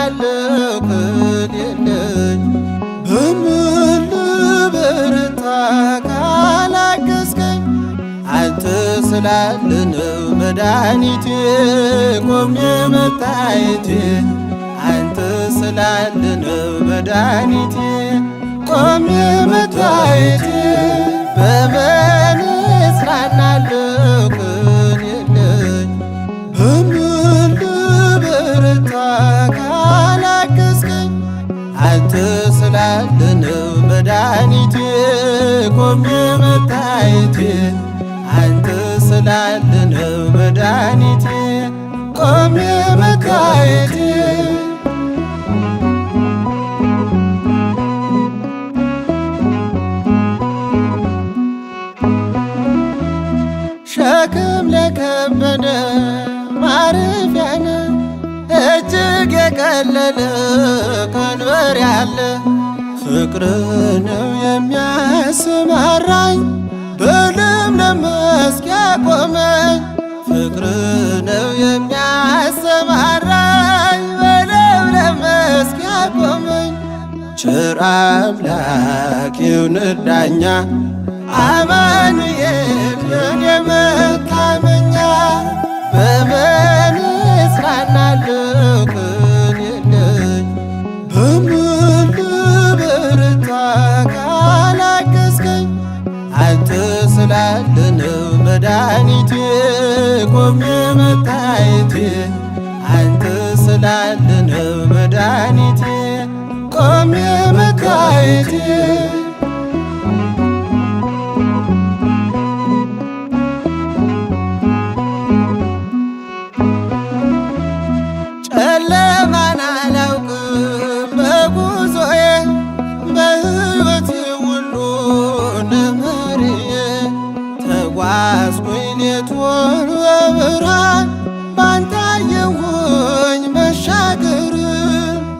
ያለው ከሌለኝ በምን ልበረታ መድኃኒቴ ቆሜ መታየቴ አንተ መድኃኒቴ ቆሜ መታየቴ አንተ ስላለን መድኃኒቴ ቆሜ መታየቴ አንተ ስላለን መድኃኒቴ ቆሜ መታየቴ ሸክም ለከበደ ማረፍ የቀለለ ቀንበር ያለ ፍቅር ነው የሚያሰማራኝ በለምለም መስክ ያቆመኝ ፍቅር ነው የሚያሰማራኝ በለምለም መስክ ያቆመኝ ቸር አምላክ ይሁንህ ዳኛ አማኑኤል የኔ በመን ያለነው መድኃኒቴ ቆሜ መታየቴ አንተ ስላለነው መድኃኒቴ ቆሜ መታየቴ ያስኩኝ ሌቱን በብርሃን ባንተ መሻገር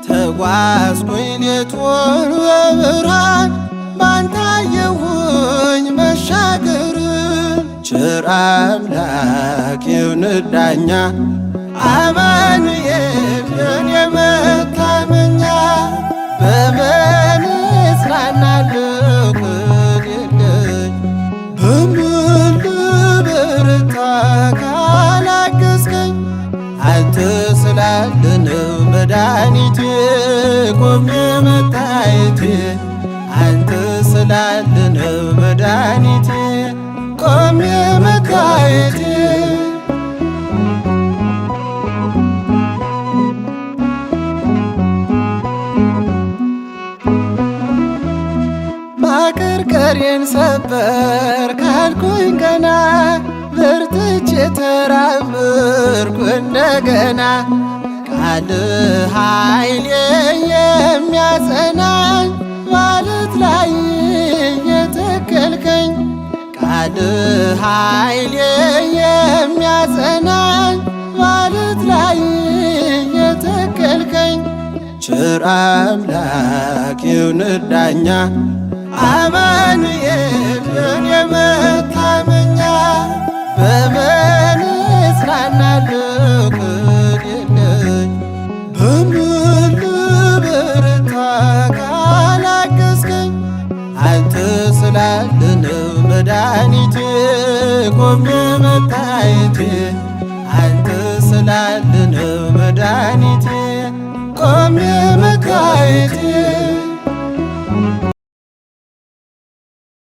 ተጓዝኩኝ ሌቱን በብርሃን ባንተ መሻገር ቸር አምላክ ይሁንህ ዳኛ አማኑኤል የኔ መታመኛ መታየቴ አንተ ስላለነው መድኃኒቴ ቆሜ መታየቴ ማቀርቀሬን ሰበር ካልኩኝ ገና በርትቼ ተራምርኩ እንደገና ቃል ኃይሌ የሚያጸናኝ ባለት ላይ የተከልከኝ ቃል ኃይሌ የሚያጸናኝ ባለት ላይ የተከልከኝ ቸር አምላክ ይሁንህ ዳኛ አማኑኤል የመታመኛ ስላለነው መድኃኒቴ ቆሜ መታየቴ አንተ ስላለነው መድኃኒቴ